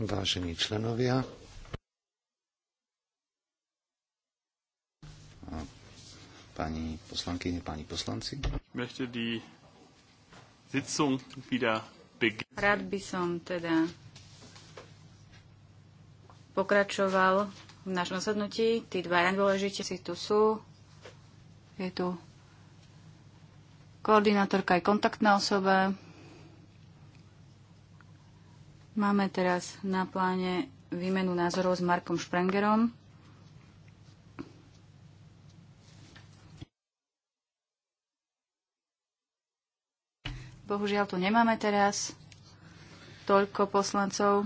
Vážení členovia, pani poslankyne, pani poslanci. Rád by som teda pokračoval v našom sadnutí. Tí dva najdôležitejší tu sú. Je tu koordinátorka aj kontaktná osoba Máme teraz na pláne výmenu názorov s Markom Šprengerom. Bohužiaľ tu nemáme teraz toľko poslancov,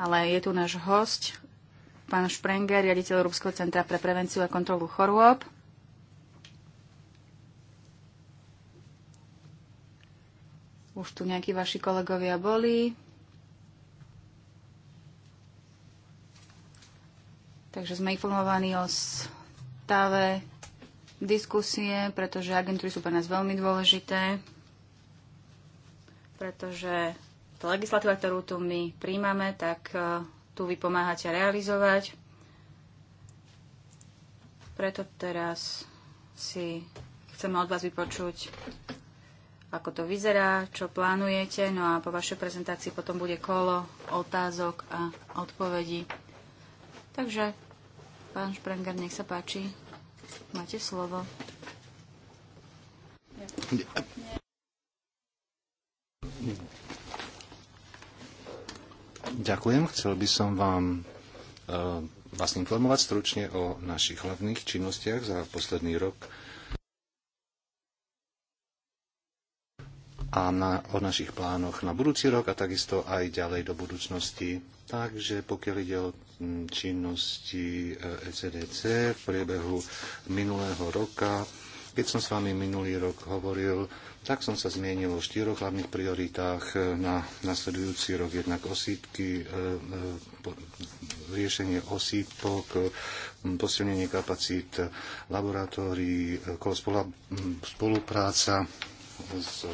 ale je tu náš host, pán Šprenger, riaditeľ Európskeho centra pre prevenciu a kontrolu chorôb. Už tu nejakí vaši kolegovia boli. Takže sme informovaní o stave diskusie, pretože agentúry sú pre nás veľmi dôležité, pretože tá legislatíva, ktorú tu my príjmame, tak e, tu vy pomáhate realizovať. Preto teraz si chceme od vás vypočuť, ako to vyzerá, čo plánujete. No a po vašej prezentácii potom bude kolo otázok a odpovedí. Takže Pán Šprenger, nech sa páči. Máte slovo. Ďakujem. Chcel by som vám e, vás informovať stručne o našich hlavných činnostiach za posledný rok a na, o našich plánoch na budúci rok a takisto aj ďalej do budúcnosti. Takže pokiaľ ide o mm, činnosti ECDC e v priebehu minulého roka, keď som s vami minulý rok hovoril, tak som sa zmienil o štyroch hlavných prioritách e, na nasledujúci rok. Jednak osýpky, e, riešenie osýpok, posilnenie kapacít laboratórií, spolupráca s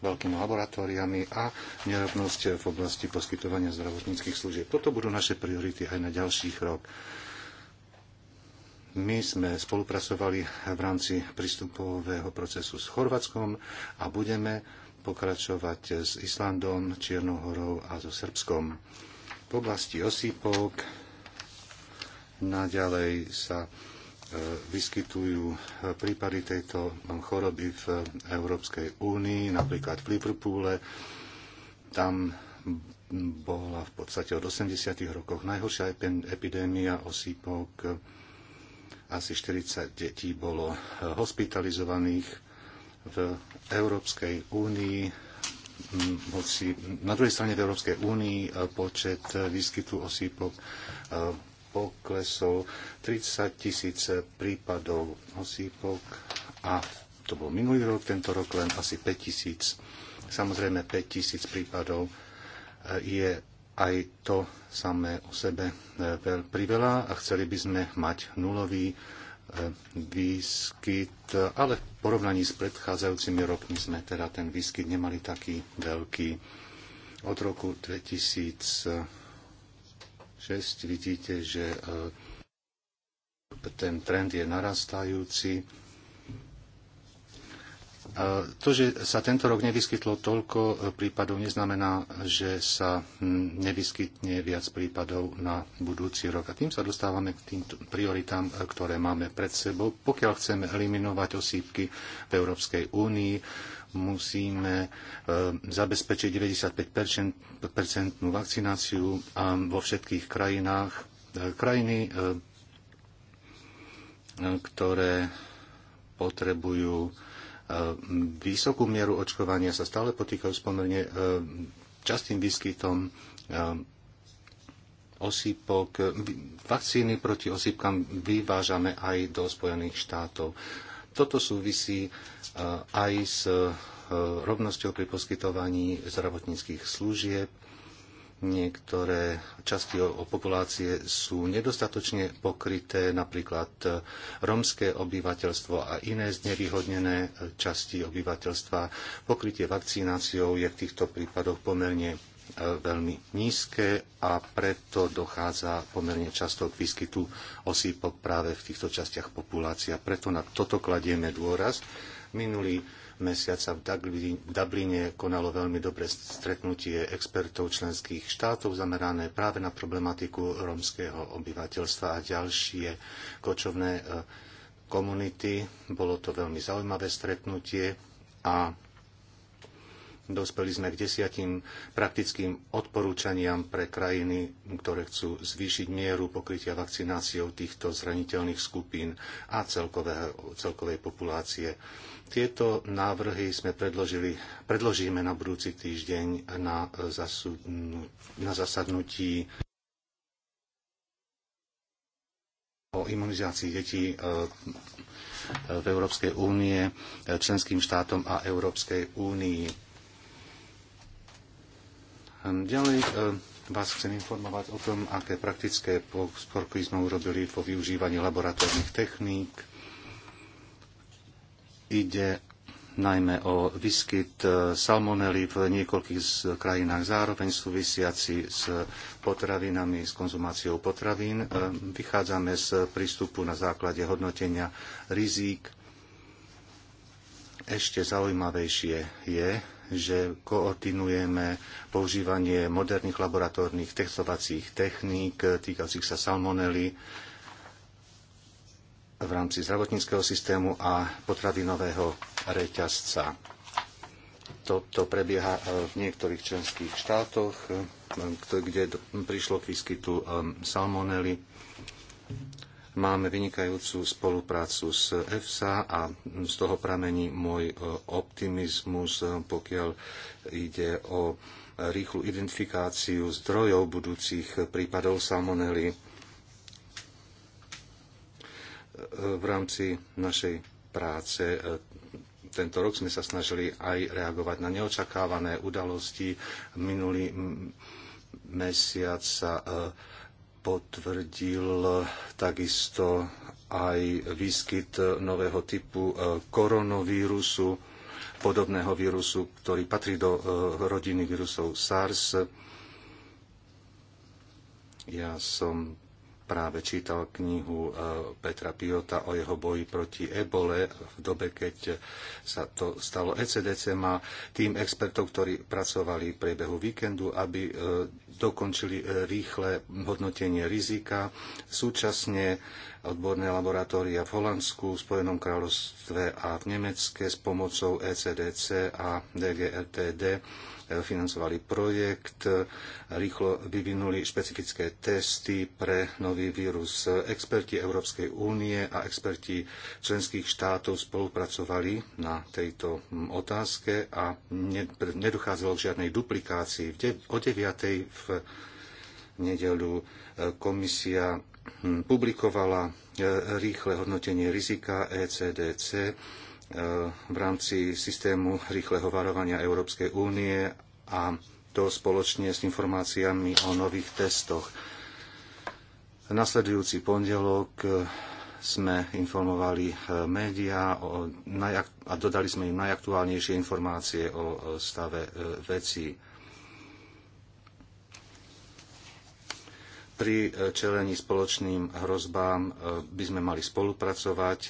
veľkými laboratóriami a nerovnosť v oblasti poskytovania zdravotníckých služieb. Toto budú naše priority aj na ďalších rok. My sme spolupracovali v rámci prístupového procesu s Chorvátskom a budeme pokračovať s Islandom, Čiernou horou a so Srbskom. V oblasti osýpok naďalej sa vyskytujú e, prípady tejto e, choroby v e, Európskej únii, napríklad v Liverpoole. Tam bola v podstate od 80. rokov najhoršia epidémia osýpok. Asi 40 detí bolo hospitalizovaných v Európskej únii na druhej strane v Európskej únii počet výskytu osýpok poklesol 30 tisíc prípadov osýpok a to bol minulý rok, tento rok len asi 5 tisíc. Samozrejme 5 tisíc prípadov eh, je aj to samé o sebe eh, priveľa a chceli by sme mať nulový eh, výskyt, ale v porovnaní s predchádzajúcimi rokmi sme teda ten výskyt nemali taký veľký. Od roku 2000 vidíte, že e, ten trend je narastajúci to, že sa tento rok nevyskytlo toľko e, prípadov, neznamená, že sa nevyskytne viac prípadov na budúci rok. A tým sa dostávame k tým prioritám, e, ktoré máme pred sebou. Pokiaľ chceme eliminovať osýpky v Európskej únii, musíme e, zabezpečiť 95-percentnú vakcináciu vo všetkých krajinách. Krajiny, ktoré potrebujú Ehm, vysokú mieru očkovania sa stále potýkajú s pomerne ehm, častým výskytom ehm, osýpok. Vakcíny proti osýpkam vyvážame aj do Spojených štátov. Toto súvisí aj s rovnosťou pri poskytovaní zdravotníckých služieb niektoré časti o, populácie sú nedostatočne pokryté, napríklad e, rómske obyvateľstvo a iné znevýhodnené e, časti obyvateľstva. Pokrytie vakcináciou je v týchto prípadoch pomerne e, veľmi nízke a preto dochádza pomerne často k výskytu osýpok práve v týchto častiach populácia. Preto na toto kladieme dôraz. Minulý mesiaca v Dubline konalo veľmi dobré stretnutie expertov členských štátov zamerané práve na problematiku rómskeho obyvateľstva a ďalšie kočovné e, komunity. Bolo to veľmi zaujímavé stretnutie a dospeli sme k desiatim praktickým odporúčaniam pre krajiny, ktoré chcú zvýšiť mieru pokrytia vakcináciou týchto zraniteľných skupín a celkovej populácie. Tieto návrhy sme predložili, predložíme na budúci týždeň na, na zasadnutí o imunizácii detí e, e, v Európskej únie e, členským štátom a Európskej únii Ďalej eh, vás chcem informovať o tom, aké praktické pokroky sme urobili vo využívaní laboratórnych techník. Ide najmä o výskyt eh, salmonely v niekoľkých krajinách zároveň súvisiaci s potravinami, s konzumáciou potravín. Eh, vychádzame z prístupu na základe hodnotenia rizík. Ešte zaujímavejšie je, že koordinujeme používanie moderných laboratórnych testovacích techník eh, týkajúcich sa salmonely v rámci zdravotníckého systému a potravinového reťazca. Toto prebieha eh, v niektorých členských štátoch, eh, kde prišlo k výskytu salmonely Máme vynikajúcu spoluprácu s EFSA a z toho pramení môj e, optimizmus, e, pokiaľ ide o rýchlu identifikáciu zdrojov budúcich prípadov salmonely e, v rámci našej práce. Tento rok sme sa snažili aj reagovať na neočakávané udalosti. Minulý mesiac sa potvrdil takisto aj výskyt nového typu e, koronavírusu, podobného vírusu, ktorý patrí do e, rodiny vírusov SARS. Ja som práve čítal knihu e, Petra Piota o jeho boji proti ebole v dobe, keď sa to stalo. ECDC má tým expertov, ktorí pracovali v priebehu víkendu, aby e, dokončili e, rýchle hodnotenie rizika. Súčasne odborné laboratória v Holandsku, v Spojenom kráľovstve a v Nemecké s pomocou ECDC a DGRTD financovali projekt, rýchlo vyvinuli špecifické testy pre nový vírus. Experti Európskej únie a experti členských štátov spolupracovali na tejto otázke a nedochádzalo k žiadnej duplikácii. O 9. v nedeľu e, komisia hm, publikovala e, rýchle hodnotenie rizika ECDC v rámci systému rýchleho varovania Európskej únie a to spoločne s informáciami o nových testoch. Nasledujúci pondelok e, sme informovali e, médiá a dodali sme im najaktuálnejšie informácie o e, stave vecí. Pri čelení spoločným hrozbám by sme mali spolupracovať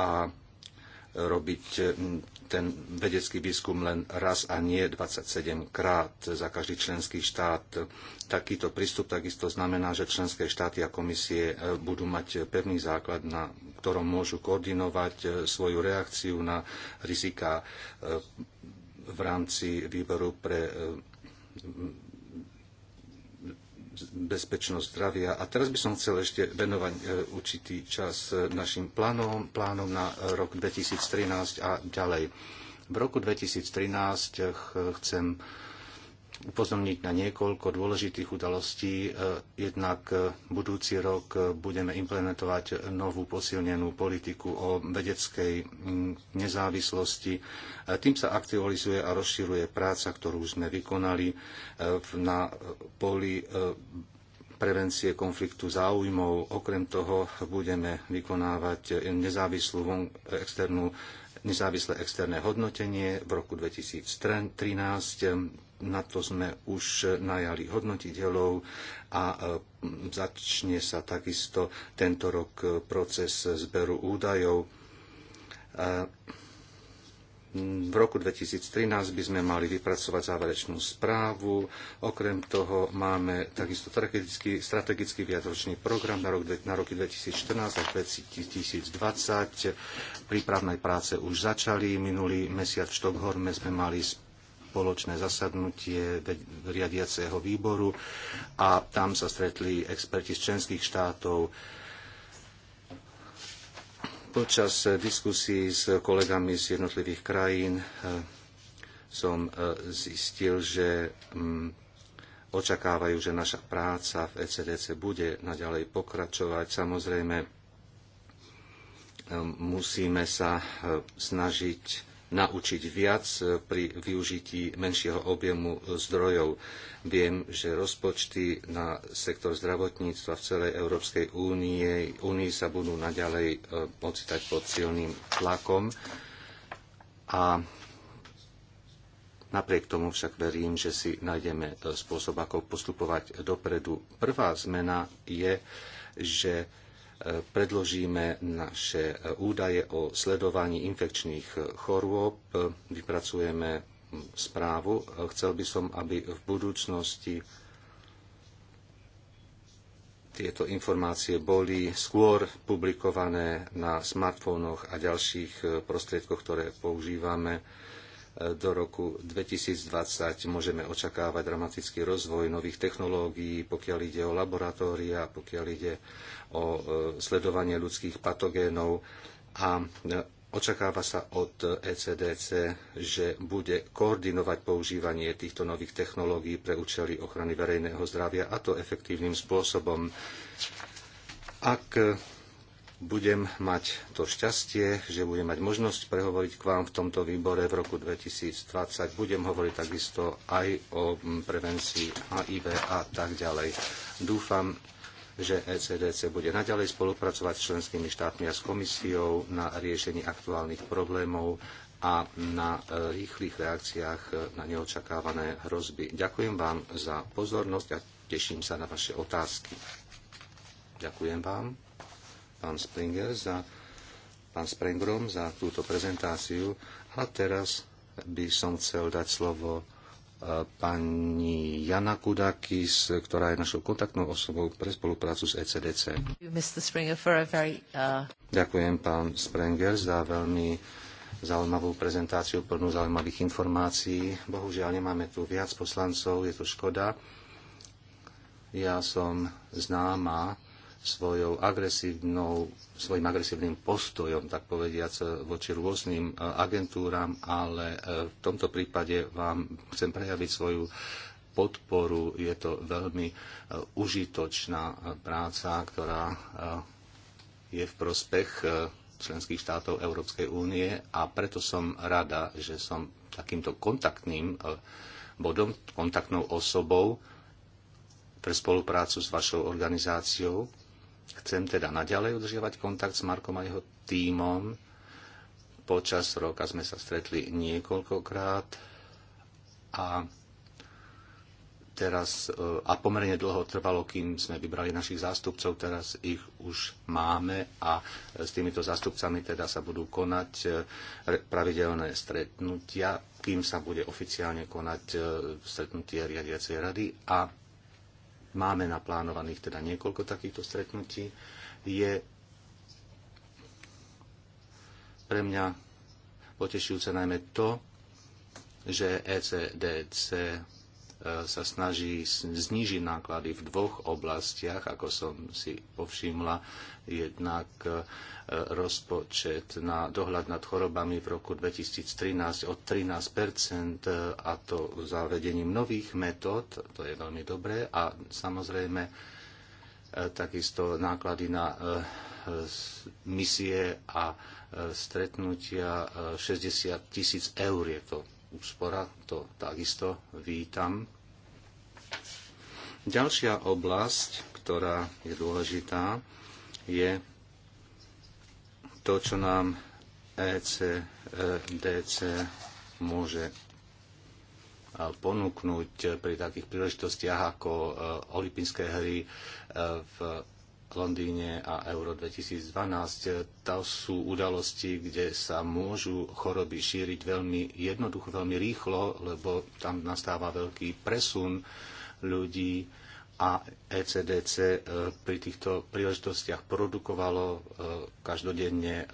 a robiť mm, ten vedecký výskum len raz a nie 27 krát za každý členský štát. Takýto prístup takisto znamená, že členské štáty a komisie e, budú mať pevný základ, na ktorom môžu koordinovať e, svoju reakciu na rizika e, v rámci výboru pre bezpečnosť zdravia. A teraz by som chcel ešte venovať e, určitý čas e, našim plánom, plánom na e, rok 2013 a ďalej. V roku 2013 chcem upozorniť na niekoľko dôležitých udalostí. E, jednak e, budúci rok e, budeme implementovať novú posilnenú politiku o vedeckej nezávislosti. Tým sa aktualizuje a rozširuje práca, ktorú sme vykonali na poli prevencie konfliktu záujmov. Okrem toho budeme vykonávať nezávislú externú nezávislé externé hodnotenie v roku 2013 na to sme už najali hodnotiteľov a e, začne sa takisto tento rok e, proces zberu údajov. E, v roku 2013 by sme mali vypracovať záverečnú správu. Okrem toho máme takisto strategický, strategický viadročný program na, rok, na roky 2014 a 2020. Prípravné práce už začali. Minulý mesiac v Štokholme sme mali spoločné zasadnutie riadiaceho výboru a tam sa stretli experti z členských štátov. Počas eh, diskusí s kolegami z jednotlivých krajín eh, som eh, zistil, že mm, očakávajú, že naša práca v ECDC bude naďalej pokračovať. Samozrejme, musíme sa snažiť naučiť viac e, pri využití menšieho objemu e, zdrojov. Viem, že rozpočty na sektor zdravotníctva v celej Európskej únie, únii sa budú naďalej e, ocitať pod silným tlakom. A Napriek tomu však verím, že si nájdeme spôsob, ako postupovať dopredu. Prvá zmena je, že predložíme naše údaje o sledovaní infekčných chorôb, vypracujeme správu. Chcel by som, aby v budúcnosti tieto informácie boli skôr publikované na smartfónoch a ďalších prostriedkoch, ktoré používame do roku 2020 môžeme očakávať dramatický rozvoj nových technológií, pokiaľ ide o laboratória, pokiaľ ide o e, sledovanie ľudských patogénov a e, Očakáva sa od ECDC, že bude koordinovať používanie týchto nových technológií pre účely ochrany verejného zdravia a to efektívnym spôsobom. Ak budem mať to šťastie, že budem mať možnosť prehovoriť k vám v tomto výbore v roku 2020. Budem hovoriť takisto aj o mm, prevencii HIV a tak ďalej. Dúfam, že ECDC bude naďalej spolupracovať s členskými štátmi a s komisiou na riešení aktuálnych problémov a na e, rýchlych reakciách e, na neočakávané hrozby. Ďakujem vám za pozornosť a teším sa na vaše otázky. Ďakujem vám pán Springer za, pán Springrom za túto prezentáciu. A teraz by som chcel dať slovo e, pani Jana Kudakis, ktorá je našou kontaktnou osobou pre spoluprácu s ECDC. Uh, Ďakujem pán Sprenger za veľmi zaujímavú prezentáciu plnú zaujímavých informácií. Bohužiaľ nemáme tu viac poslancov, je to škoda. Ja som známa svojou agresívnou, svojim agresívnym postojom, tak povediac, voči rôznym e, agentúram, ale e, v tomto prípade vám chcem prejaviť svoju podporu. Je to veľmi e, užitočná práca, ktorá je v prospech členských štátov Európskej únie a preto som rada, že som takýmto kontaktným bodom, kontaktnou osobou pre spoluprácu s vašou organizáciou Chcem teda naďalej udržiavať kontakt s Markom a jeho tímom. Počas roka sme sa stretli niekoľkokrát a teraz e, a pomerne dlho trvalo, kým sme vybrali našich zástupcov, teraz ich už máme a s týmito zástupcami teda sa budú konať e, pravidelné stretnutia, kým sa bude oficiálne konať e, stretnutie riadiacej rady a máme naplánovaných teda niekoľko takýchto stretnutí, je pre mňa potešujúce najmä to, že ECDC sa snaží znížiť náklady v dvoch oblastiach, ako som si povšimla, jednak e, rozpočet na dohľad nad chorobami v roku 2013 o 13 e, a to zavedením nových metód, to je veľmi dobré, a samozrejme e, takisto náklady na misie a stretnutia 60 tisíc eur je to úspora, to takisto vítam. Ďalšia oblasť, ktorá je dôležitá, je to, čo nám ECDC e môže ponúknuť pri takých príležitostiach ako e, olympijské hry e, v Londýne a Euro 2012. To sú udalosti, kde sa môžu choroby šíriť veľmi jednoducho, veľmi rýchlo, lebo tam nastáva veľký presun ľudí a ECDC e, pri týchto príležitostiach produkovalo e, každodenne e,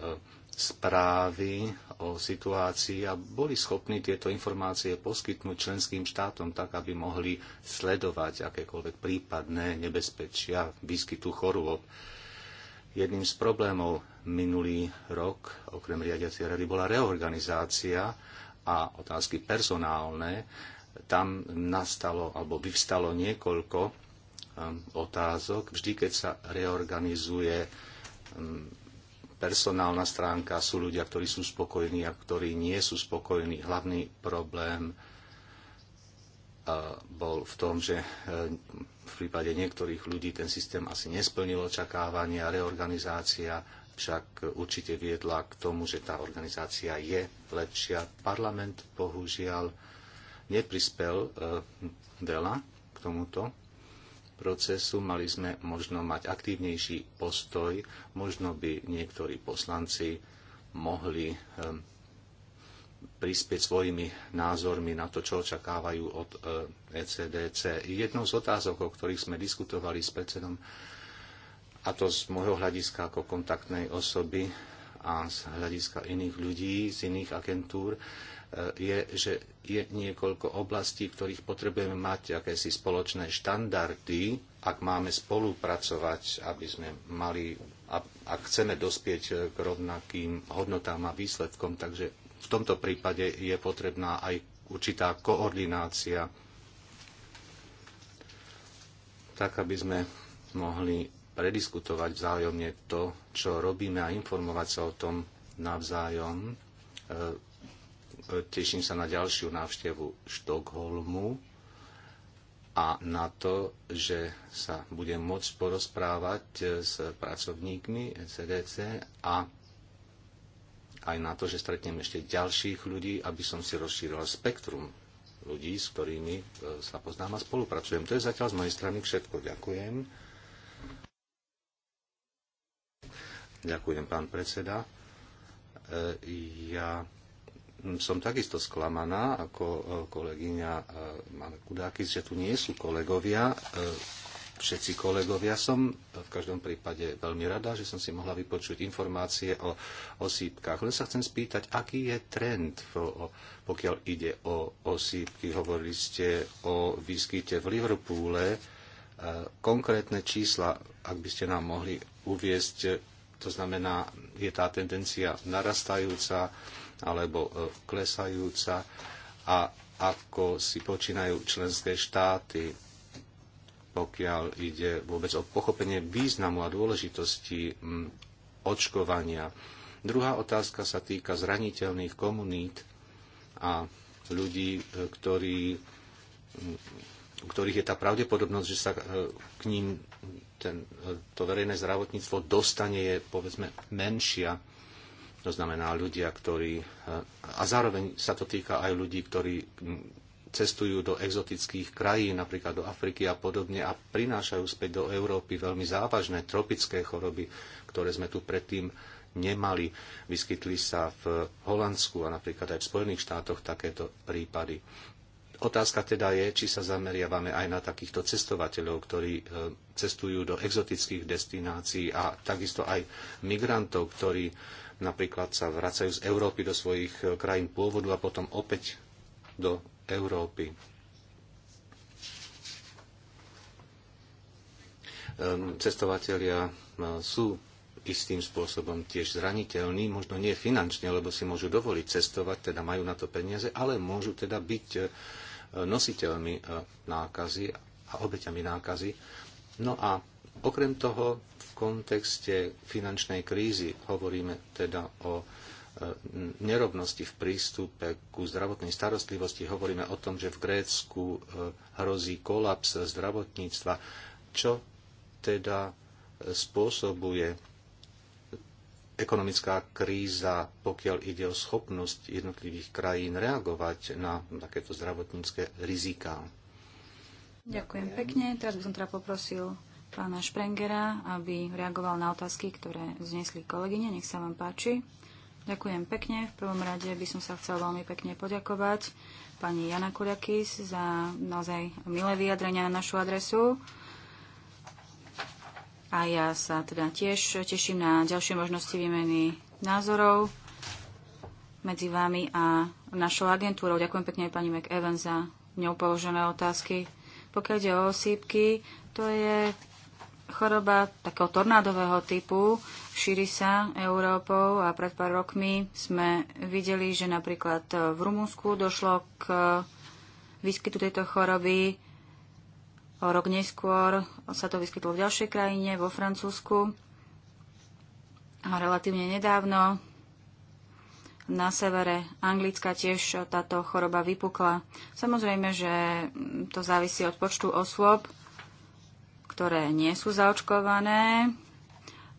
správy o situácii a boli schopní tieto informácie poskytnúť členským štátom tak, aby mohli sledovať akékoľvek prípadné nebezpečia výskytu chorôb. Jedným z problémov minulý rok, okrem riadiacej rady, bola reorganizácia a otázky personálne. Tam nastalo alebo vyvstalo niekoľko um, otázok. Vždy, keď sa reorganizuje um, personálna stránka, sú ľudia, ktorí sú spokojní a ktorí nie sú spokojní. Hlavný problém e, bol v tom, že e, v prípade niektorých ľudí ten systém asi nesplnil očakávania, reorganizácia však určite viedla k tomu, že tá organizácia je lepšia. Parlament bohužiaľ neprispel veľa k tomuto procesu, mali sme možno mať aktívnejší postoj, možno by niektorí poslanci mohli ehm, prispieť svojimi názormi na to, čo očakávajú od ECDC. Eh, e Jednou z otázok, o ktorých sme diskutovali s predsedom, a to z môjho hľadiska ako kontaktnej osoby a z hľadiska iných ľudí, z iných agentúr, E, je, že je niekoľko oblastí, ktorých potrebujeme mať akési spoločné štandardy, ak máme spolupracovať, aby sme mali, ak chceme dospieť e, k rovnakým hodnotám a výsledkom. Takže v tomto prípade je potrebná aj určitá koordinácia, tak aby sme mohli prediskutovať vzájomne to, čo robíme a informovať sa o tom navzájom e, Teším sa na ďalšiu návštevu Štokholmu a na to, že sa budem môcť porozprávať s pracovníkmi CDC a aj na to, že stretnem ešte ďalších ľudí, aby som si rozšíril spektrum ľudí, s ktorými e, sa poznám a spolupracujem. To je zatiaľ z mojej strany všetko. Ďakujem. Ďakujem, pán predseda. E, ja som takisto sklamaná ako e, kolegyňa Mame e, Kudákis, že tu nie sú kolegovia, e, všetci kolegovia. Som v každom prípade veľmi rada, že som si mohla vypočuť informácie o osýpkach. Len sa chcem spýtať, aký je trend, pokiaľ ide o osýpky. Hovorili ste o výskyte v Liverpoole. Konkrétne čísla, ak by ste nám mohli uviezť, to znamená, je tá tendencia narastajúca, alebo e, klesajúca a ako si počínajú členské štáty, pokiaľ ide vôbec o pochopenie významu a dôležitosti očkovania. Druhá otázka sa týka zraniteľných komunít a ľudí, e, ktorí, u ktorých je tá pravdepodobnosť, že sa e, k ním ten, to verejné zdravotníctvo dostane, je povedzme menšia. To znamená ľudia, ktorí... E, a zároveň sa to týka aj ľudí, ktorí cestujú do exotických krajín, napríklad do Afriky a podobne, a prinášajú späť do Európy veľmi závažné tropické choroby, ktoré sme tu predtým nemali. Vyskytli sa v Holandsku a napríklad aj v Spojených štátoch takéto prípady. Otázka teda je, či sa zameriavame aj na takýchto cestovateľov, ktorí e, cestujú do exotických destinácií a takisto aj migrantov, ktorí napríklad sa vracajú z Európy do svojich e, krajín pôvodu a potom opäť do Európy. Ehm, cestovatelia e, sú istým spôsobom tiež zraniteľní, možno nie finančne, lebo si môžu dovoliť cestovať, teda majú na to peniaze, ale môžu teda byť e, nositeľmi nákazy a obeťami nákazy. No a okrem toho kontexte finančnej krízy hovoríme teda o e, nerovnosti v prístupe ku zdravotnej starostlivosti. Hovoríme o tom, že v Grécku e, hrozí kolaps zdravotníctva. Čo teda e, spôsobuje ekonomická kríza, pokiaľ ide o schopnosť jednotlivých krajín reagovať na takéto zdravotnícke riziká? Ďakujem pekne. Teraz by som teda poprosil pána Šprengera, aby reagoval na otázky, ktoré vznesli kolegyne. Nech sa vám páči. Ďakujem pekne. V prvom rade by som sa chcel veľmi pekne poďakovať pani Jana Kurakis za naozaj milé vyjadrenia na našu adresu. A ja sa teda tiež teším na ďalšie možnosti výmeny názorov medzi vami a našou agentúrou. Ďakujem pekne aj pani McEvan za ňou položené otázky. Pokiaľ ide o osýpky, to je choroba takého tornádového typu šíri sa Európou a pred pár rokmi sme videli, že napríklad v Rumunsku došlo k výskytu tejto choroby. O rok neskôr sa to vyskytlo v ďalšej krajine, vo Francúzsku. A relatívne nedávno na severe Anglicka tiež táto choroba vypukla. Samozrejme, že to závisí od počtu osôb, ktoré nie sú zaočkované.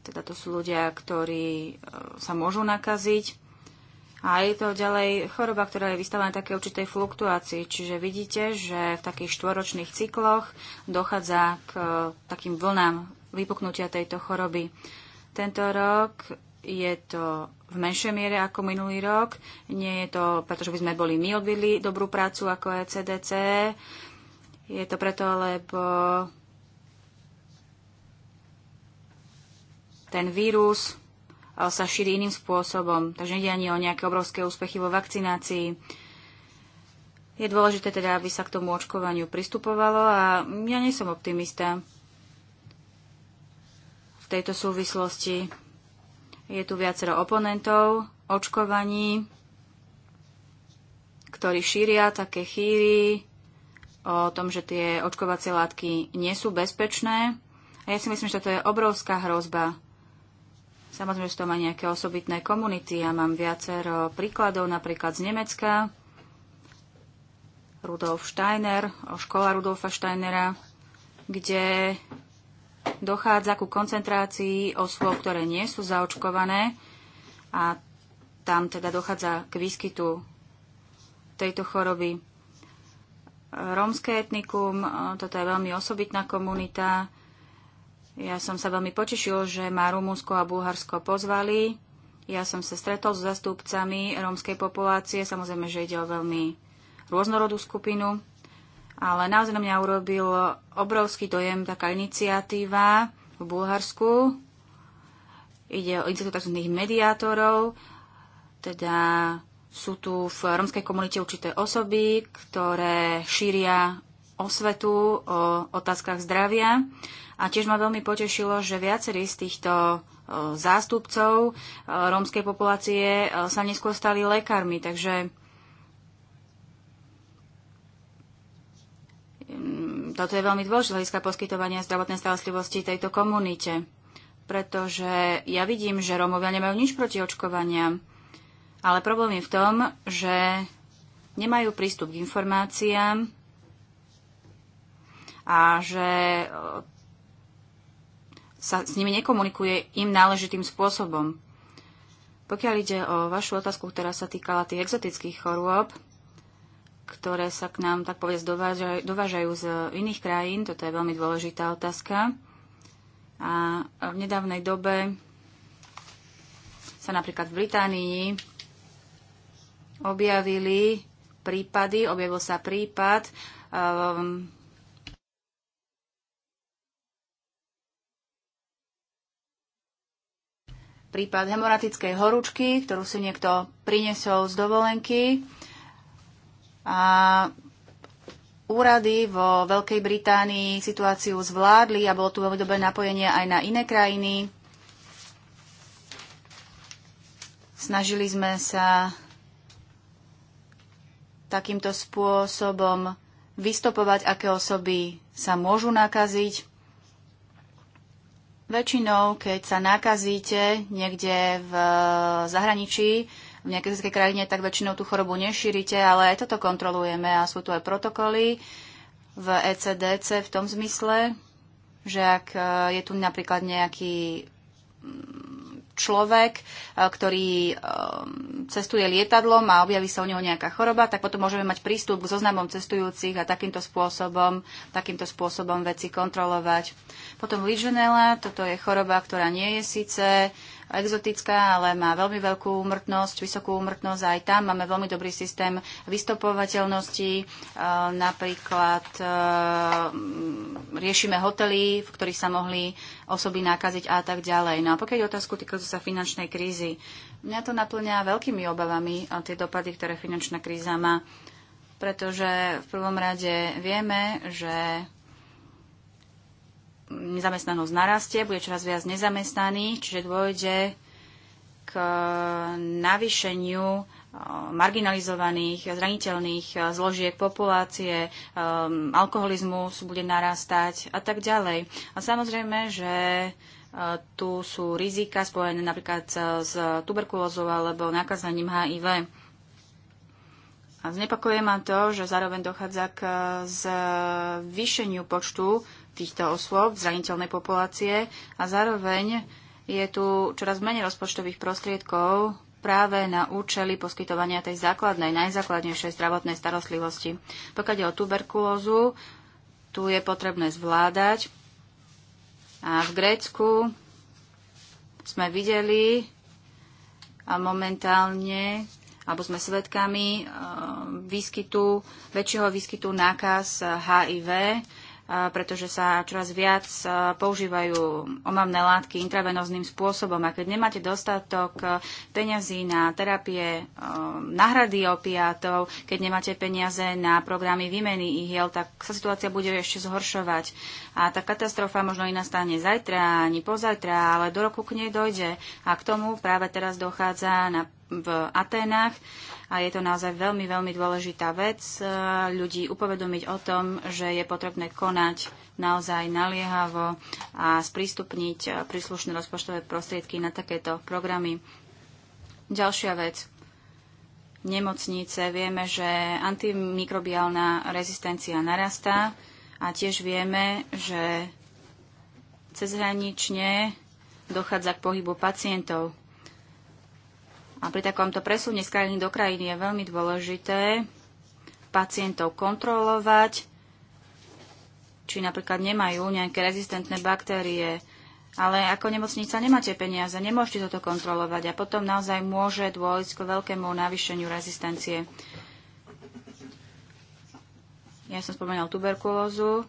Teda to sú ľudia, ktorí e, sa môžu nakaziť. A je to ďalej choroba, ktorá je vystavená také určitej fluktuácii. Čiže vidíte, že v takých štvoročných cykloch dochádza k e, takým vlnám vypuknutia tejto choroby. Tento rok je to v menšej miere ako minulý rok. Nie je to, pretože by sme boli my odvedli dobrú prácu ako ECDC. Je to preto, lebo ten vírus sa šíri iným spôsobom. Takže nejde ani o nejaké obrovské úspechy vo vakcinácii. Je dôležité teda, aby sa k tomu očkovaniu pristupovalo a ja nie som optimista v tejto súvislosti. Je tu viacero oponentov očkovaní, ktorí šíria také chýry o tom, že tie očkovacie látky nie sú bezpečné. A ja si myslím, že toto je obrovská hrozba Samozrejme, že to má nejaké osobitné komunity. Ja mám viacero príkladov, napríklad z Nemecka. Rudolf Steiner, škola Rudolfa Steinera, kde dochádza ku koncentrácii osôb, ktoré nie sú zaočkované a tam teda dochádza k výskytu tejto choroby. Rómske etnikum, toto je veľmi osobitná komunita, ja som sa veľmi potešil, že ma Rumunsko a Bulharsko pozvali. Ja som sa stretol s zastupcami rómskej populácie. Samozrejme, že ide o veľmi rôznorodú skupinu. Ale naozaj na mňa urobil obrovský dojem taká iniciatíva v Bulharsku. Ide o iniciatívu tzv. mediátorov, teda sú tu v rómskej komunite určité osoby, ktoré šíria osvetu o otázkach zdravia. A tiež ma veľmi potešilo, že viacerí z týchto e, zástupcov e, rómskej populácie e, sa neskôr stali lekármi. Takže mm, toto je veľmi dôležité hľadiska poskytovania zdravotnej starostlivosti tejto komunite. Pretože ja vidím, že Rómovia nemajú nič proti očkovania, ale problém je v tom, že nemajú prístup k informáciám, a že e, sa s nimi nekomunikuje im náležitým spôsobom. Pokiaľ ide o vašu otázku, ktorá sa týkala tých exotických chorôb, ktoré sa k nám, tak povedať, dovážajú, dovážajú z iných krajín, toto je veľmi dôležitá otázka. A v nedávnej dobe sa napríklad v Británii objavili prípady, objavil sa prípad um, prípad hemoratickej horúčky, ktorú si niekto priniesol z dovolenky. A úrady vo Veľkej Británii situáciu zvládli a bolo tu veľmi dobré napojenie aj na iné krajiny. Snažili sme sa takýmto spôsobom vystopovať, aké osoby sa môžu nakaziť Väčšinou, keď sa nakazíte niekde v eh, zahraničí, v nejakej fyzickej krajine, tak väčšinou tú chorobu nešírite, ale aj toto kontrolujeme a sú tu aj protokoly v ECDC v tom zmysle, že ak eh, je tu napríklad nejaký mm, človek, eh, ktorý cestuje lietadlom a objaví sa u neho nejaká choroba, tak potom môžeme mať prístup k zoznamom cestujúcich a takýmto spôsobom, takýmto spôsobom veci kontrolovať. Potom Legionella, toto je choroba, ktorá nie je síce exotická, ale má veľmi veľkú úmrtnosť, vysokú úmrtnosť a aj tam máme veľmi dobrý systém vystopovateľnosti. E, napríklad e, riešime hotely, v ktorých sa mohli osoby nákaziť a tak ďalej. No a pokiaľ je otázku týkajúcu sa finančnej krízy, mňa to naplňa veľkými obavami tie dopady, ktoré finančná kríza má pretože v prvom rade vieme, že nezamestnanosť narastie, bude čoraz viac nezamestnaných, čiže dôjde k navýšeniu eh, marginalizovaných, zraniteľných eh, zložiek populácie, eh, alkoholizmus bude narastať a tak ďalej. A samozrejme, že tu sú rizika spojené napríklad s tuberkulózou alebo nakazaním HIV. A znepokojuje ma to, že zároveň dochádza k zvýšeniu počtu týchto osôb, zraniteľnej populácie a zároveň je tu čoraz menej rozpočtových prostriedkov práve na účely poskytovania tej základnej, najzákladnejšej zdravotnej starostlivosti. Pokiaľ je o tuberkulózu, tu je potrebné zvládať. A v Grécku sme videli a momentálne, alebo sme svedkami eh, výskytu, väčšieho výskytu nákaz HIV pretože sa čoraz viac používajú omamné látky intravenozným spôsobom. A keď nemáte dostatok peňazí na terapie náhrady opiátov, keď nemáte peniaze na programy výmeny ihiel, tak sa situácia bude ešte zhoršovať. A tá katastrofa možno i nastane zajtra, ani pozajtra, ale do roku k nej dojde. A k tomu práve teraz dochádza na, v Atenách a je to naozaj veľmi, veľmi dôležitá vec e, ľudí upovedomiť o tom, že je potrebné konať naozaj naliehavo a sprístupniť e, príslušné rozpočtové prostriedky na takéto programy. Ďalšia vec. Nemocnice. Vieme, že antimikrobiálna rezistencia narastá a tiež vieme, že cezhranične dochádza k pohybu pacientov. A pri takomto presune z krajiny do krajiny je veľmi dôležité pacientov kontrolovať, či napríklad nemajú nejaké rezistentné baktérie, ale ako nemocnica nemáte peniaze, nemôžete toto kontrolovať a potom naozaj môže dôjsť k veľkému navýšeniu rezistencie. Ja som spomenul tuberkulózu.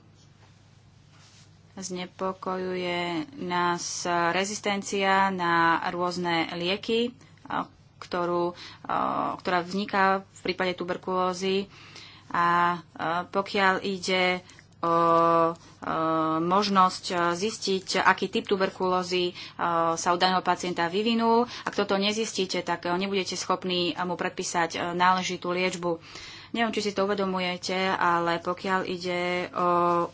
Znepokojuje nás rezistencia na rôzne lieky, ktorú, e, ktorá vzniká v prípade tuberkulózy. A e, pokiaľ ide o e, možnosť zistiť, aký typ tuberkulózy sa u daného pacienta vyvinul. Ak toto nezistíte, tak nebudete schopní mu predpísať náležitú liečbu. Neviem, či si to uvedomujete, ale pokiaľ ide o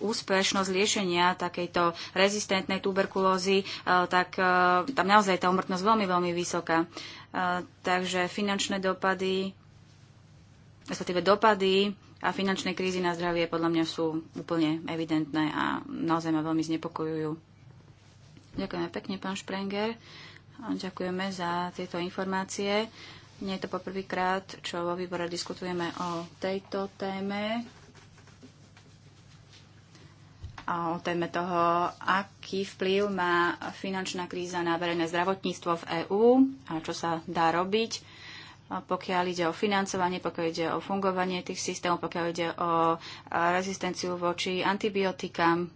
úspešnosť liešenia takejto rezistentnej tuberkulózy, e, tak e, tam naozaj je tá umrtnosť veľmi, veľmi vysoká. E, takže finančné dopady, respektíve dopady a finančné krízy na zdravie podľa mňa sú úplne evidentné a naozaj ma veľmi znepokojujú. Ďakujeme pekne, pán Šprenger. Ďakujeme za tieto informácie. Nie je to poprvýkrát, čo vo výbore diskutujeme o tejto téme a o téme toho, aký vplyv má finančná kríza na verejné zdravotníctvo v EÚ a čo sa dá robiť, pokiaľ ide o financovanie, pokiaľ ide o fungovanie tých systémov, pokiaľ ide o rezistenciu voči antibiotikám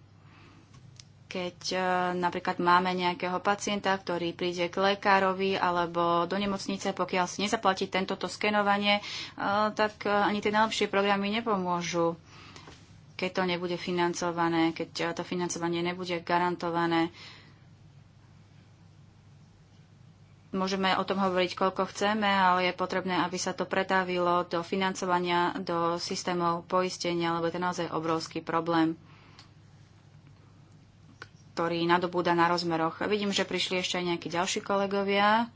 keď e, napríklad máme nejakého pacienta, ktorý príde k lekárovi alebo do nemocnice, pokiaľ si nezaplatí tentoto skenovanie, e, tak e, ani tie najlepšie programy nepomôžu, keď to nebude financované, keď to financovanie nebude garantované. Môžeme o tom hovoriť, koľko chceme, ale je potrebné, aby sa to pretávilo do financovania, do systémov poistenia, lebo je to naozaj obrovský problém ktorý nadobúda na rozmeroch. Vidím, že prišli ešte aj nejakí ďalší kolegovia.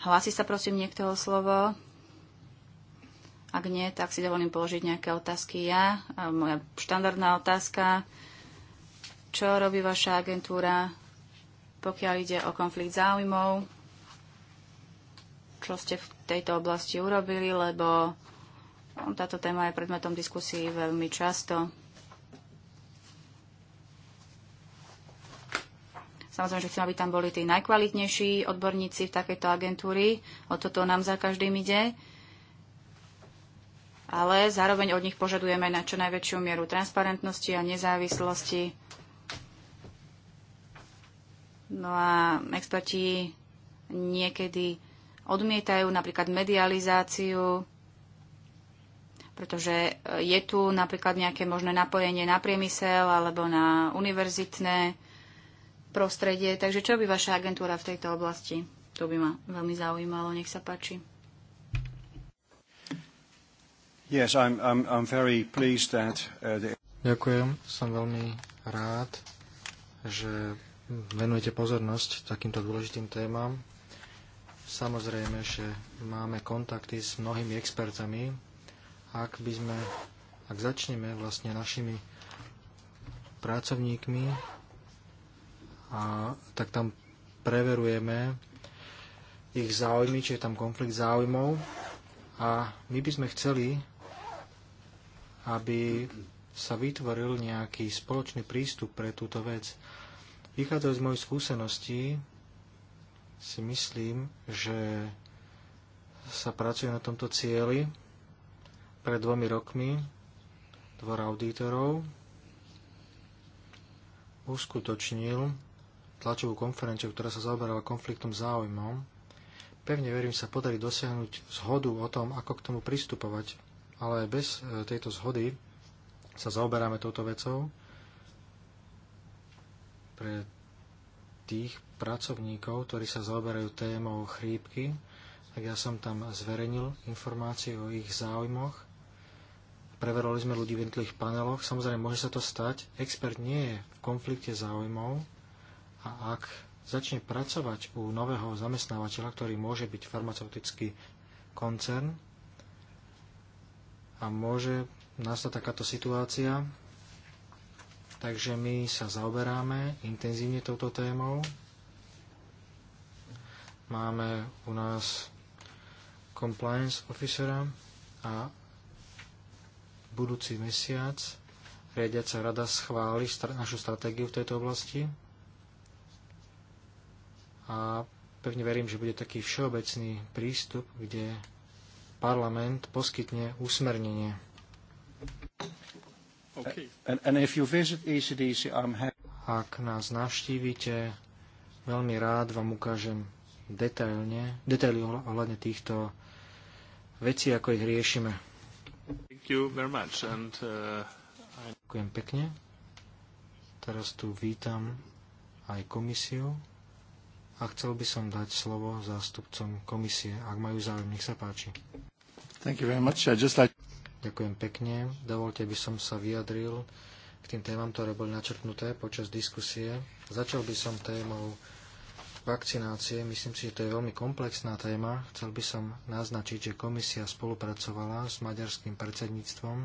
Hlási sa prosím niekto o slovo. Ak nie, tak si dovolím položiť nejaké otázky ja. Moja štandardná otázka. Čo robí vaša agentúra, pokiaľ ide o konflikt záujmov? Čo ste v tejto oblasti urobili, lebo no, táto téma je predmetom diskusí veľmi často. Samozrejme, že chcem, aby tam boli tí najkvalitnejší odborníci v takejto agentúri. O toto nám za každým ide. Ale zároveň od nich požadujeme na čo najväčšiu mieru transparentnosti a nezávislosti. No a experti niekedy odmietajú napríklad medializáciu, pretože je tu napríklad nejaké možné napojenie na priemysel alebo na univerzitné prostredie. Takže čo by vaša agentúra v tejto oblasti? To by ma veľmi zaujímalo. Nech sa páči. Yes, I'm, I'm, I'm very pleased that, uh, the... Ďakujem. Som veľmi rád, že venujete pozornosť takýmto dôležitým témam. Samozrejme, že máme kontakty s mnohými expertami. Ak by sme, ak začneme vlastne našimi pracovníkmi, a tak tam preverujeme ich záujmy, či je tam konflikt záujmov a my by sme chceli, aby sa vytvoril nejaký spoločný prístup pre túto vec. Vychádzajúc z mojej skúseností, si myslím, že sa pracuje na tomto cieli pred dvomi rokmi dvor auditorov uskutočnil tlačovú konferenciu, ktorá sa zaoberala konfliktom záujmom. Pevne verím, sa podarí dosiahnuť zhodu o tom, ako k tomu pristupovať, ale bez e, tejto zhody sa zaoberáme touto vecou pre tých pracovníkov, ktorí sa zaoberajú témou chrípky, tak ja som tam zverejnil informácie o ich záujmoch. Preverovali sme ľudí v jednotlivých paneloch. Samozrejme, môže sa to stať. Expert nie je v konflikte záujmov, a ak začne pracovať u nového zamestnávateľa, ktorý môže byť farmaceutický koncern a môže nastať takáto situácia, takže my sa zaoberáme intenzívne touto témou. Máme u nás compliance officera a budúci mesiac riadiaca rada schváli našu stratégiu v tejto oblasti a pevne verím, že bude taký všeobecný prístup, kde parlament poskytne usmernenie. E Ak nás navštívite, veľmi rád vám ukážem detailne, detaily ohľadne týchto vecí, ako ich riešime. Uh, Ďakujem pekne. Teraz tu vítam aj komisiu a chcel by som dať slovo zástupcom komisie, ak majú záujem. Nech sa páči. Thank you very much. just like... Ďakujem pekne. Dovolte by som sa vyjadril k tým témam, ktoré boli načrtnuté počas diskusie. Začal by som témou vakcinácie. Myslím si, že to je veľmi komplexná téma. Chcel by som naznačiť, že komisia spolupracovala s maďarským predsedníctvom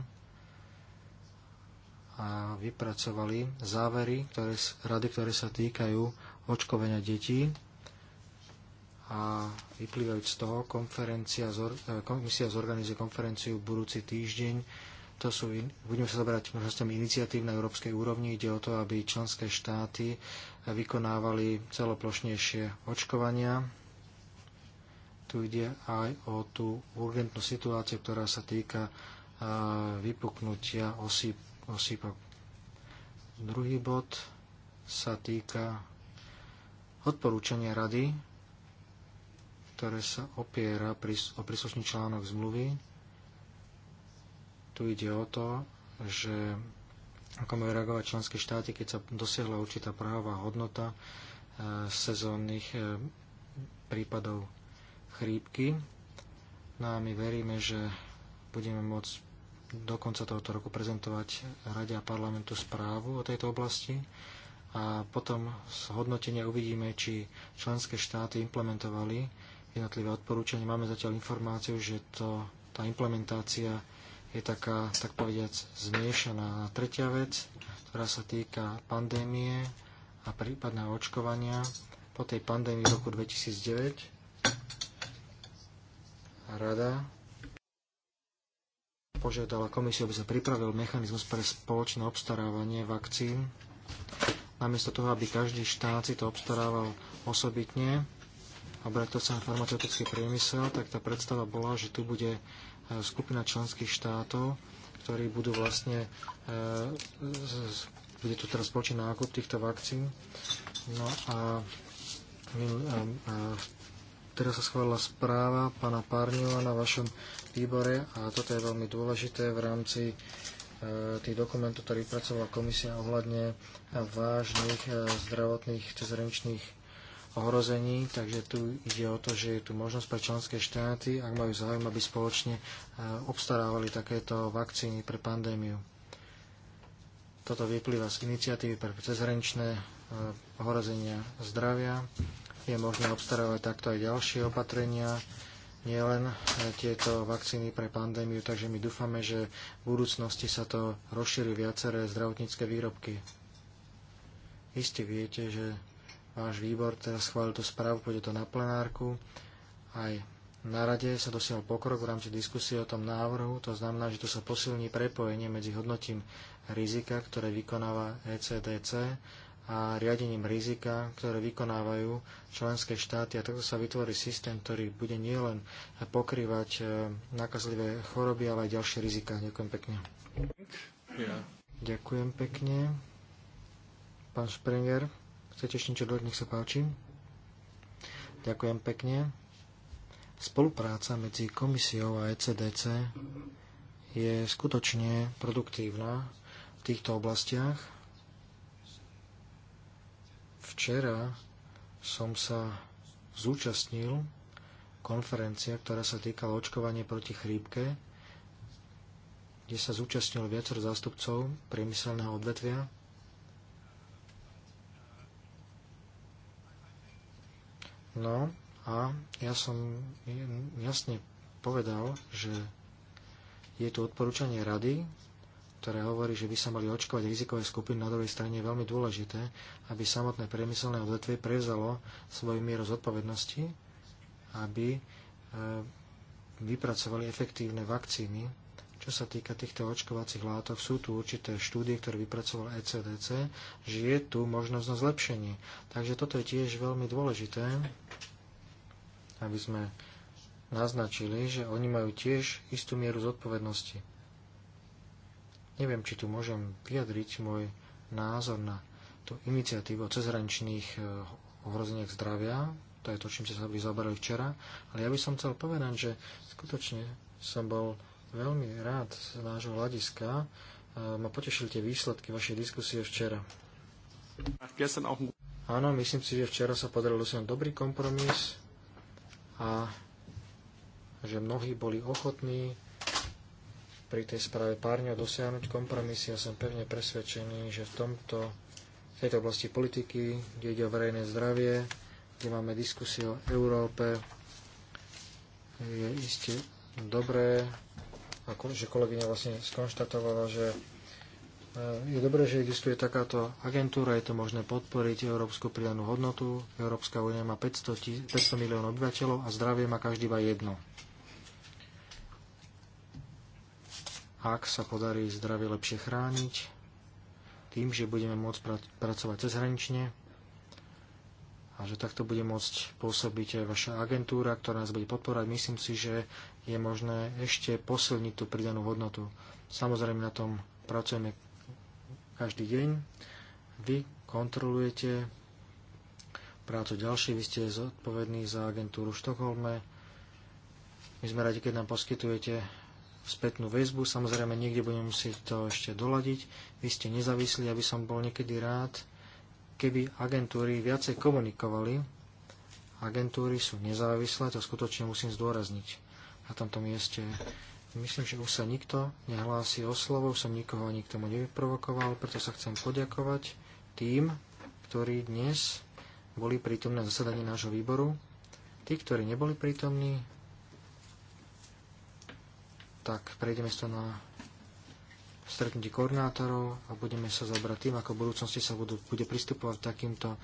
a vypracovali závery ktoré, rady, ktoré sa týkajú očkovania detí a vyplývajúc z toho konferencia, e, komisia zorganizuje konferenciu budúci týždeň. To sú, budeme sa zobrať možnosťami iniciatív na európskej úrovni. Ide o to, aby členské štáty vykonávali celoplošnejšie očkovania. Tu ide aj o tú urgentnú situáciu, ktorá sa týka e, vypuknutia osýpok. Druhý bod sa týka Odporúčania rady, ktoré sa opiera o príslušný článok zmluvy, tu ide o to, že ako majú reagovať členské štáty, keď sa dosiahla určitá práva hodnota e, sezónnych e, prípadov chrípky. No a my veríme, že budeme môcť do konca tohoto roku prezentovať Rade a parlamentu správu o tejto oblasti a potom z hodnotenia uvidíme, či členské štáty implementovali jednotlivé odporúčania. Máme zatiaľ informáciu, že to, tá implementácia je taká, tak povediac, zmiešaná. Tretia vec, ktorá sa týka pandémie a prípadného očkovania po tej pandémii v roku 2009. Rada požiadala komisiu, aby sa pripravil mechanizmus pre spoločné obstarávanie vakcín namiesto toho, aby každý štát si to obstarával osobitne, alebo ak to chce farmaceutický priemysel, tak tá predstava bola, že tu bude e, skupina členských štátov, ktorí budú vlastne, e, bude tu teraz počin nákup týchto vakcín. No a, e, teraz sa schválila správa pána Párňova na vašom výbore a toto je veľmi dôležité v rámci E, tých dokumentov, ktorý pracovala komisia ohľadne vážnych e, zdravotných cezhraničných ohrození, takže tu ide o to, že je tu možnosť pre členské štáty, ak majú záujem, aby spoločne e, obstarávali takéto vakcíny pre pandémiu. Toto vyplýva z iniciatívy pre cezhraničné ohrozenia zdravia. Je možné obstarávať takto aj ďalšie opatrenia, nielen e, tieto vakcíny pre pandémiu, takže my dúfame, že v budúcnosti sa to rozšíri viaceré zdravotnícke výrobky. Isté viete, že váš výbor teraz schválil tú správu, pôjde to na plenárku. Aj na rade sa dosiahol pokrok v rámci diskusie o tom návrhu, to znamená, že tu sa posilní prepojenie medzi hodnotím rizika, ktoré vykonáva ECDC a riadením rizika, ktoré vykonávajú členské štáty. A takto sa vytvorí systém, ktorý bude nielen pokrývať e, nakazlivé choroby, ale aj ďalšie rizika. Ďakujem pekne. Yeah. Ďakujem pekne. Pán Springer, chcete ešte niečo dodať? Nech sa páči. Ďakujem pekne. Spolupráca medzi komisiou a ECDC je skutočne produktívna v týchto oblastiach Včera som sa zúčastnil konferencia, ktorá sa týkala očkovania proti chrípke, kde sa zúčastnil viacero zástupcov priemyselného odvetvia. No a ja som jasne povedal, že je tu odporúčanie rady, ktoré hovorí, že by sa mali očkovať rizikové skupiny, na druhej strane je veľmi dôležité, aby samotné priemyselné odvetvie prevzalo svoju mieru zodpovednosti, aby e, vypracovali efektívne vakcíny. Čo sa týka týchto očkovacích látok, sú tu určité štúdie, ktoré vypracoval ECDC, že je tu možnosť na zlepšenie. Takže toto je tiež veľmi dôležité, aby sme naznačili, že oni majú tiež istú mieru zodpovednosti. Neviem, či tu môžem vyjadriť môj názor na tú iniciatívu o cezhraničných e, ohrozeniach zdravia. To je to, čím ste sa by zaoberali včera. Ale ja by som chcel povedať, že skutočne som bol veľmi rád z nášho hľadiska. E, ma potešili tie výsledky vašej diskusie včera. Áno, myslím si, že včera sa podaril dosiahnuť dobrý kompromis a že mnohí boli ochotní pri tej správe párňa dosiahnuť kompromisy. a som pevne presvedčený, že v tomto, v tejto oblasti politiky, kde ide o verejné zdravie, kde máme diskusiu o Európe, je iste dobré, ako, že kolegyňa vlastne skonštatovala, že eh, je dobré, že existuje takáto agentúra, je to možné podporiť európsku pridanú hodnotu. Európska únia má 500, 500 miliónov obyvateľov a zdravie má každý iba jedno. ak sa podarí zdravie lepšie chrániť, tým, že budeme môcť pracovať cezhranične a že takto bude môcť pôsobiť aj vaša agentúra, ktorá nás bude podporať, myslím si, že je možné ešte posilniť tú pridanú hodnotu. Samozrejme na tom pracujeme každý deň. Vy kontrolujete prácu ďalšie, vy ste zodpovední za agentúru v Štokholme. My sme radi, keď nám poskytujete spätnú väzbu. Samozrejme, niekde budem musieť to ešte doladiť. Vy ste nezávislí, aby som bol niekedy rád, keby agentúry viacej komunikovali. Agentúry sú nezávislé, to skutočne musím zdôrazniť na tomto mieste. Myslím, že už sa nikto nehlási o slovo, som nikoho ani k tomu nevyprovokoval, preto sa chcem poďakovať tým, ktorí dnes boli prítomné zasadanie nášho výboru. Tí, ktorí neboli prítomní, tak prejdeme sa na stretnutie koordinátorov a budeme sa zabrať tým, ako v budúcnosti sa budú, bude pristupovať k takýmto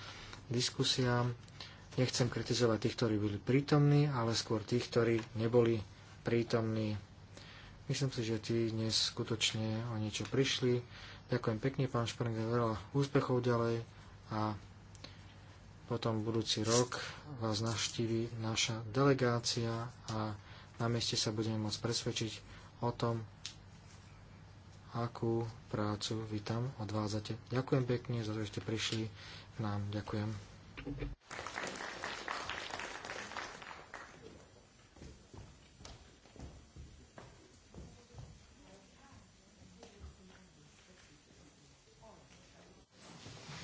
diskusiám. Nechcem kritizovať tých, ktorí boli prítomní, ale skôr tých, ktorí neboli prítomní. Myslím si, že tí dnes skutočne o niečo prišli. Ďakujem pekne, pán Šprnge, veľa úspechov ďalej a potom budúci rok vás navštívi naša delegácia a na mieste sa budeme môcť presvedčiť, o tom, akú prácu vy tam odvádzate. Ďakujem pekne za to, že ste prišli k nám. Ďakujem.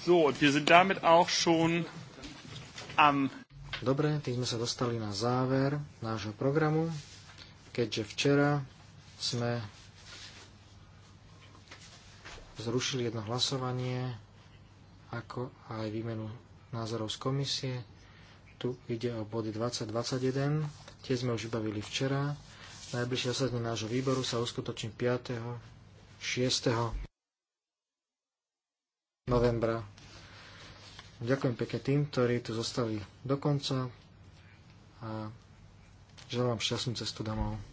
So, wir sind damit auch schon am... Dobre, tým sme sa dostali na záver nášho programu, keďže včera sme zrušili jedno hlasovanie, ako aj výmenu názorov z komisie. Tu ide o body 2021, tie sme už vybavili včera. Najbližšie zasadne nášho výboru sa uskutoční 5. 6. novembra. Ďakujem pekne tým, ktorí tu zostali do konca a želám šťastnú cestu domov.